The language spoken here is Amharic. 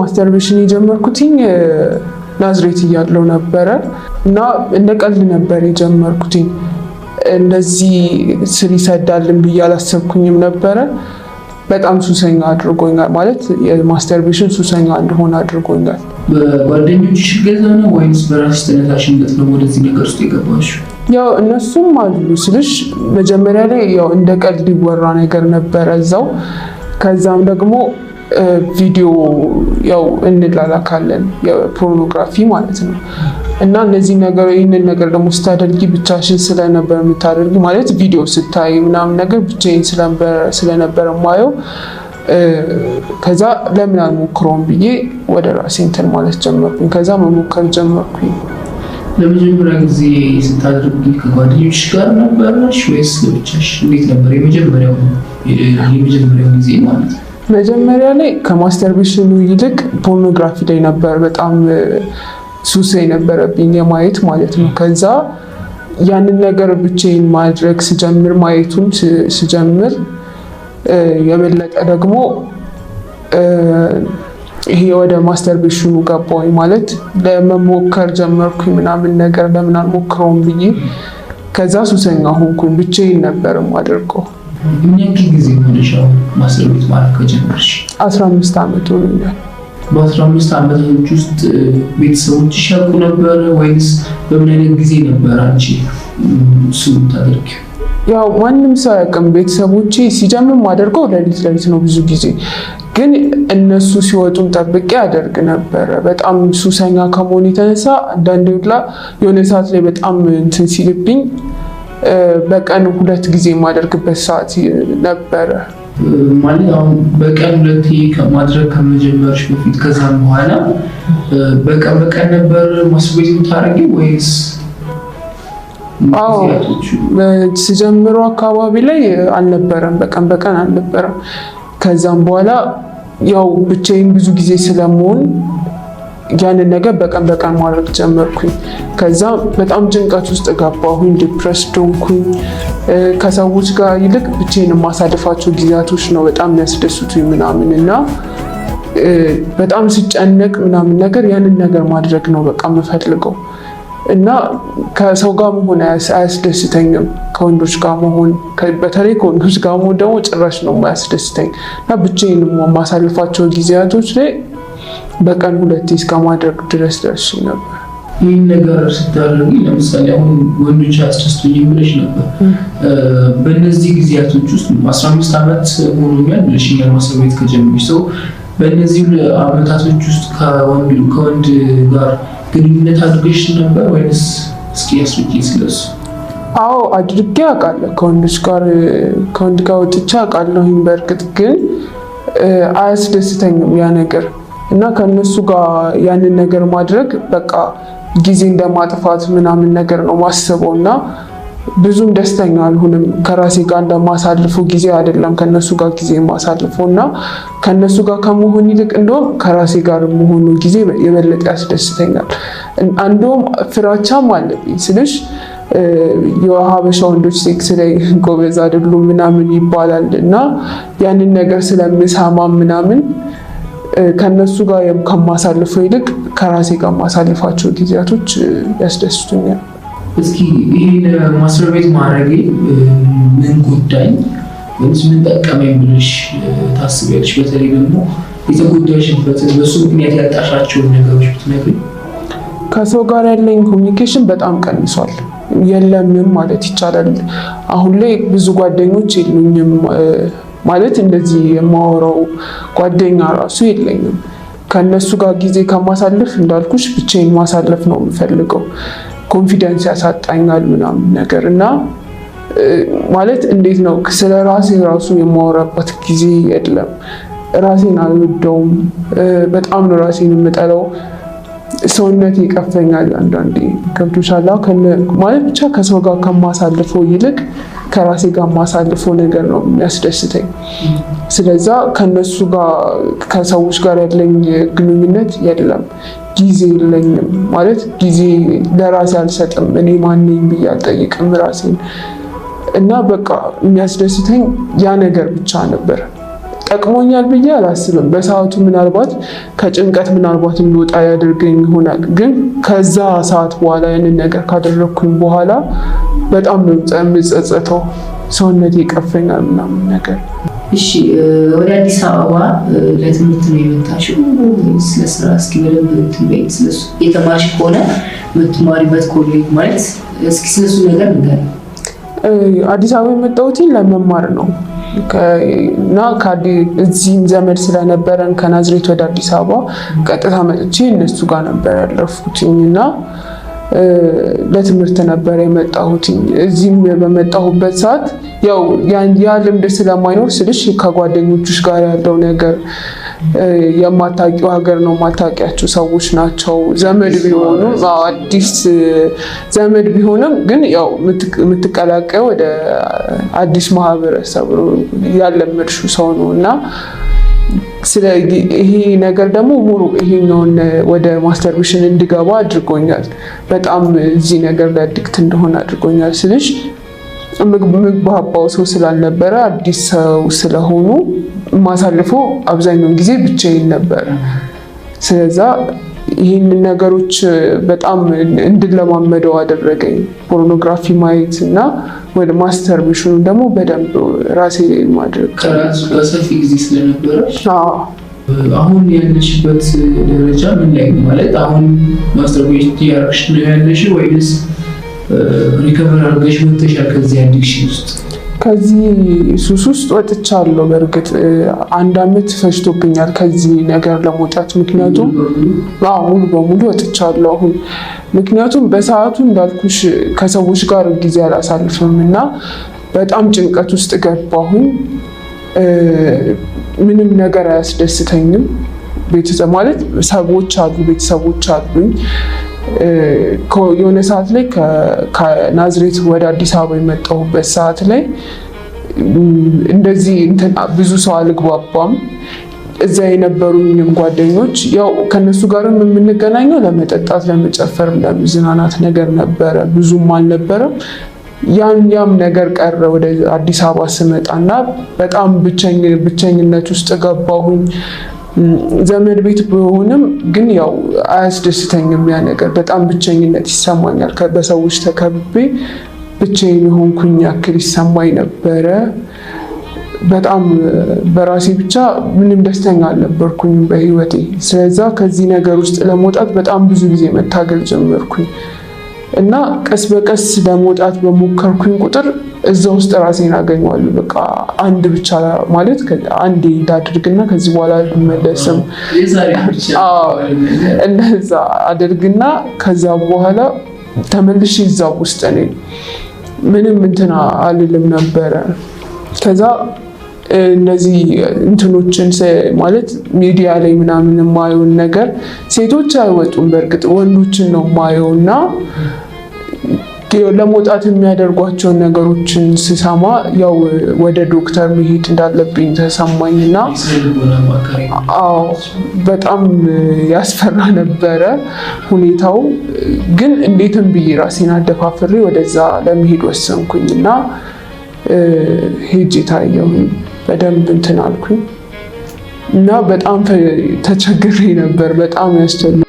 ማስተርቤሽን የጀመርኩትኝ ናዝሬት እያለው ነበረ እና እንደ ቀልድ ነበር የጀመርኩትኝ። እንደዚህ ስር ይሰዳልን ብዬ አላሰብኩኝም ነበረ። በጣም ሱሰኛ አድርጎኛል። ማለት የማስተርቤሽን ሱሰኛ እንደሆነ አድርጎኛል። በጓደኞችሽ እገዛ ነው ወይስ በራስሽ ተነሳሽነት ነው ወደዚህ ነገር ውስጥ የገባሽው? ያው እነሱም አሉ ስልሽ፣ መጀመሪያ ላይ ያው እንደ ቀልድ ይወራ ነገር ነበረ እዛው ከዛም ደግሞ ቪዲዮ ያው እንላላካለን የፖርኖግራፊ ማለት ነው። እና እነዚህ ነገር ይህንን ነገር ደግሞ ስታደርጊ ብቻሽን ስለነበር የምታደርጊ ማለት ቪዲዮ ስታይ ምናምን ነገር ብቻዬን ስለነበረ ማየው ከዛ ለምን አልሞክረውም ብዬ ወደ ራሴ እንትን ማለት ጀመርኩኝ። ከዛ መሞከር ጀመርኩኝ። ለመጀመሪያ ጊዜ ስታደርጊ ከጓደኞች ጋር ነበረሽ ወይስ ብቻሽ? እንዴት ነበር የመጀመሪያው የመጀመሪያው ጊዜ ማለት ነው? መጀመሪያ ላይ ከማስተርቤሽኑ ይልቅ ፖርኖግራፊ ላይ ነበር በጣም ሱሴ የነበረብኝ የማየት ማለት ነው። ከዛ ያንን ነገር ብቻዬን ማድረግ ስጀምር ማየቱን ስጀምር የበለጠ ደግሞ ይሄ ወደ ማስተርቤሽኑ ገባኝ ማለት ለመሞከር ጀመርኩኝ ምናምን ነገር ለምን አልሞክረውም ብዬ ከዛ ሱሰኛ ሆንኩኝ። ብቻዬን ነበርም አድርገው ምን ያክል ጊዜ ሆነሽ ማስር ቤት ማለት ከጀመርሽ? አስራ አምስት ዓመት ሆኖኛል። በአስራ አምስት ዓመቶች ውስጥ ቤተሰቦች ያውቁ ነበረ ወይስ በምን አይነት ጊዜ ነበር አንቺ እሱ የምታደርጊው? ያው ማንም ሰው አያውቅም። ቤተሰቦቼ ሲጀምር ማደርገው ለሊት ለሊት ነው። ብዙ ጊዜ ግን እነሱ ሲወጡም ጠብቄ አደርግ ነበረ። በጣም ሱሰኛ ከመሆን የተነሳ አንዳንዴ ሁላ የሆነ ሰዓት ላይ በጣም እንትን ሲልብኝ በቀን ሁለት ጊዜ የማደርግበት ሰዓት ነበረ። ማለት አሁን በቀን ሁለት ማድረግ ከመጀመርሽ በፊት ከዛም በኋላ በቀን በቀን ነበር ማስቤት የምታደርጊ ወይስ? አዎ ስጀምሮ አካባቢ ላይ አልነበረም፣ በቀን በቀን አልነበረም። ከዛም በኋላ ያው ብቻዬን ብዙ ጊዜ ስለመሆን ያንን ነገር በቀን በቀን ማድረግ ጀመርኩኝ። ከዛ በጣም ጭንቀት ውስጥ ገባሁኝ፣ ዲፕረስድ ሆንኩኝ። ከሰዎች ጋር ይልቅ ብቻዬን የማሳልፋቸው ጊዜያቶች ነው በጣም የሚያስደስቱኝ ምናምን እና በጣም ሲጨነቅ ምናምን ነገር ያንን ነገር ማድረግ ነው በቃ የምፈልገው እና ከሰው ጋር መሆን አያስደስተኝም። ከወንዶች ጋር መሆን በተለይ ከወንዶች ጋር መሆን ደግሞ ጭራሽ ነው የማያስደስተኝ እና ብቻዬን የማሳልፋቸው ጊዜያቶች ላይ በቀን ሁለት እስከ ማድረግ ድረስ ደርሱ ነበር። ይህን ነገር ስታደርጉ ለምሳሌ አሁን ወንዶች አስደስቶኝ ብለሽ ነበር። በእነዚህ ጊዜያቶች ውስጥ አስራ አምስት ዓመት ሆኖኛል ብለሽኛል ማሰብ ቤት ከጀመርሽ ሰው በእነዚህ ዓመታቶች ውስጥ ከወንድ ጋር ግንኙነት አድርገሽ ነበር ወይንስ? እስኪ ያስብኪ ስለሱ። አዎ አድርጌ አውቃለሁ። ከወንዶች ጋር ከወንድ ጋር ወጥቼ አውቃለሁ። በእርግጥ ግን አያስደስተኝም ያ ነገር እና ከነሱ ጋር ያንን ነገር ማድረግ በቃ ጊዜ እንደማጥፋት ምናምን ነገር ነው ማስበው እና ብዙም ደስተኛ አልሆንም። ከራሴ ጋር እንደማሳልፉ ጊዜ አይደለም ከነሱ ጋር ጊዜ ማሳልፉ እና ከነሱ ጋር ከመሆን ይልቅ እንደውም ከራሴ ጋር መሆኑ ጊዜ የበለጠ ያስደስተኛል። አንዱም ፍራቻም አለብኝ ስልሽ የሀበሻ ወንዶች ሴክስ ላይ ጎበዝ አይደሉም ምናምን ይባላል እና ያንን ነገር ስለምሰማ ምናምን ከነሱ ጋር ከማሳልፈው ይልቅ ከራሴ ጋር ማሳልፋቸው ጊዜያቶች ያስደስቱኛል። እስኪ ይህን ማስር ቤት ማድረጌ ምን ጉዳይ ወይስ ምን ጠቀመኝ ብለሽ ታስቢያለሽ? በተለይ ደግሞ የተጎዳሽበትን በሱ ምክንያት ያጣሻቸውን ነገሮች ብትነግሪኝ። ከሰው ጋር ያለኝ ኮሚኒኬሽን በጣም ቀንሷል። የለምም ማለት ይቻላል። አሁን ላይ ብዙ ጓደኞች የሉኝም። ማለት እንደዚህ የማወራው ጓደኛ ራሱ የለኝም። ከነሱ ጋር ጊዜ ከማሳለፍ እንዳልኩሽ ብቻዬን ማሳለፍ ነው የምፈልገው። ኮንፊደንስ ያሳጣኛል ምናምን ነገር እና ማለት እንዴት ነው ስለ ራሴ ራሱ የማወራበት ጊዜ የለም። ራሴን አልወደውም። በጣም ነው ራሴን የምጠለው። ሰውነት ይቀፈኛል አንዳንዴ። ገብቶሻል? ማለት ብቻ ከሰው ጋር ከማሳልፈው ይልቅ ከራሴ ጋር ማሳልፎ ነገር ነው የሚያስደስተኝ። ስለዛ ከነሱ ጋር ከሰዎች ጋር ያለኝ ግንኙነት የለም። ጊዜ የለኝም ማለት ጊዜ ለራሴ አልሰጥም። እኔ ማነኝ ብዬ አልጠይቅም ራሴን እና በቃ የሚያስደስተኝ ያ ነገር ብቻ ነበር። ጠቅሞኛል ብዬ አላስብም። በሰዓቱ ምናልባት ከጭንቀት ምናልባት እንድወጣ ያደርገኝ ይሆናል። ግን ከዛ ሰዓት በኋላ ያንን ነገር ካደረግኩኝ በኋላ በጣም ነው የምጸጸተው። ሰውነት ይቀፈኛል ምናምን ነገር። እሺ ወደ አዲስ አበባ ለትምህርት ነው የመጣሽው? ስለ ስራ እስኪ በደንብ ትንበይ። ስለሱ የተማርሽ ከሆነ የምትማሪበት ኮሌጅ ማለት እስኪ ስለሱ ነገር ንገሪኝ። አዲስ አበባ የመጣሁት ለመማር ነው እና እዚህም ዘመድ ስለነበረን ከናዝሬት ወደ አዲስ አበባ ቀጥታ መጥቼ እነሱ ጋር ነበር ያለፉትኝ እና ለትምህርት ነበር የመጣሁትኝ። እዚህም በመጣሁበት ሰዓት ያው ያ ልምድ ስለማይኖር ስልሽ ከጓደኞችሽ ጋር ያለው ነገር የማታውቂው ሀገር ነው፣ የማታውቂያቸው ሰዎች ናቸው። ዘመድ ቢሆኑም አዲስ ዘመድ ቢሆንም ግን ያው የምትቀላቀዩ ወደ አዲስ ማህበረሰብ ነው፣ ያለመድሽው ሰው ነው እና ይሄ ነገር ደግሞ ሙሉ ይሄኛውን ወደ ማስተርቤሽን እንድገባ አድርጎኛል። በጣም እዚህ ነገር ላይ አዲክት እንደሆነ አድርጎኛል ስልሽ ምግባባው ሰው ስላልነበረ አዲስ ሰው ስለሆኑ የማሳልፈው አብዛኛውን ጊዜ ብቻዬን ነበረ። ስለዛ ይህንን ነገሮች በጣም እንድለማመደው አደረገኝ። ፖርኖግራፊ ማየት እና ወደ ማስተርቤሽኑ ደግሞ በደንብ ራሴ ማድረግ ሰፊ ጊዜ ስለነበረ አሁን ያለሽበት ደረጃ ምን ላይ ማለት አሁን ማስተርቤሽን ያረግሽ ነው ያለሽ ወይስ ሪከቨር አድርገሽ ወጥተሻል ከዚህ አዲክሽን ውስጥ ከዚህ ሱስ ውስጥ ወጥቻለሁ። በእርግጥ አንድ አመት ፈጅቶብኛል ከዚህ ነገር ለመውጣት። ምክንያቱም ሙሉ በሙሉ ወጥቻለሁ አሁን። ምክንያቱም በሰዓቱ እንዳልኩሽ ከሰዎች ጋር ጊዜ አላሳልፍም እና በጣም ጭንቀት ውስጥ ገባሁኝ። ምንም ነገር አያስደስተኝም። ቤተሰብ ማለት ሰዎች አሉ፣ ቤተሰቦች አሉኝ የሆነ ሰዓት ላይ ከናዝሬት ወደ አዲስ አበባ የመጣሁበት ሰዓት ላይ እንደዚህ ብዙ ሰው አልግባባም። እዛ የነበሩኝም ጓደኞች ያው ከነሱ ጋርም የምንገናኘው ለመጠጣት፣ ለመጨፈር፣ ለመዝናናት ነገር ነበረ። ብዙም አልነበረም። ያን ያም ነገር ቀረ። ወደ አዲስ አበባ ስመጣና በጣም ብቸኝነት ውስጥ ገባሁኝ። ዘመድ ቤት ብሆንም ግን ያው አያስደስተኝም። ያ ነገር በጣም ብቸኝነት ይሰማኛል። በሰዎች ተከብቤ ብቻዬን የሆንኩኝ ያክል ይሰማኝ ነበረ። በጣም በራሴ ብቻ ምንም ደስተኛ አልነበርኩኝም በህይወቴ። ስለዛ ከዚህ ነገር ውስጥ ለመውጣት በጣም ብዙ ጊዜ መታገል ጀመርኩኝ እና ቀስ በቀስ ለመውጣት በሞከርኩኝ ቁጥር እዛ ውስጥ ራሴን አገኘዋለሁ። በቃ አንድ ብቻ ማለት አንድ ዳድርግና ከዚህ በኋላ አልመለስም፣ እንደዛ አድርግና ከዛ በኋላ ተመልሼ እዛ ውስጥ ነኝ። ምንም እንትና አልልም ነበረ። ከዛ እነዚህ እንትኖችን ማለት ሚዲያ ላይ ምናምን የማየውን ነገር ሴቶች አይወጡም። በእርግጥ ወንዶችን ነው የማየውና ለመውጣት የሚያደርጓቸውን ነገሮችን ስሰማ ያው ወደ ዶክተር መሄድ እንዳለብኝ ተሰማኝ እና አዎ በጣም ያስፈራ ነበረ ሁኔታው። ግን እንዴትም ብዬ ራሴን አደፋፍሬ ወደዛ ለመሄድ ወሰንኩኝ እና ሄጄ ታየሁኝ። በደንብ እንትን አልኩኝ እና በጣም ተቸግሬ ነበር። በጣም ያስቸል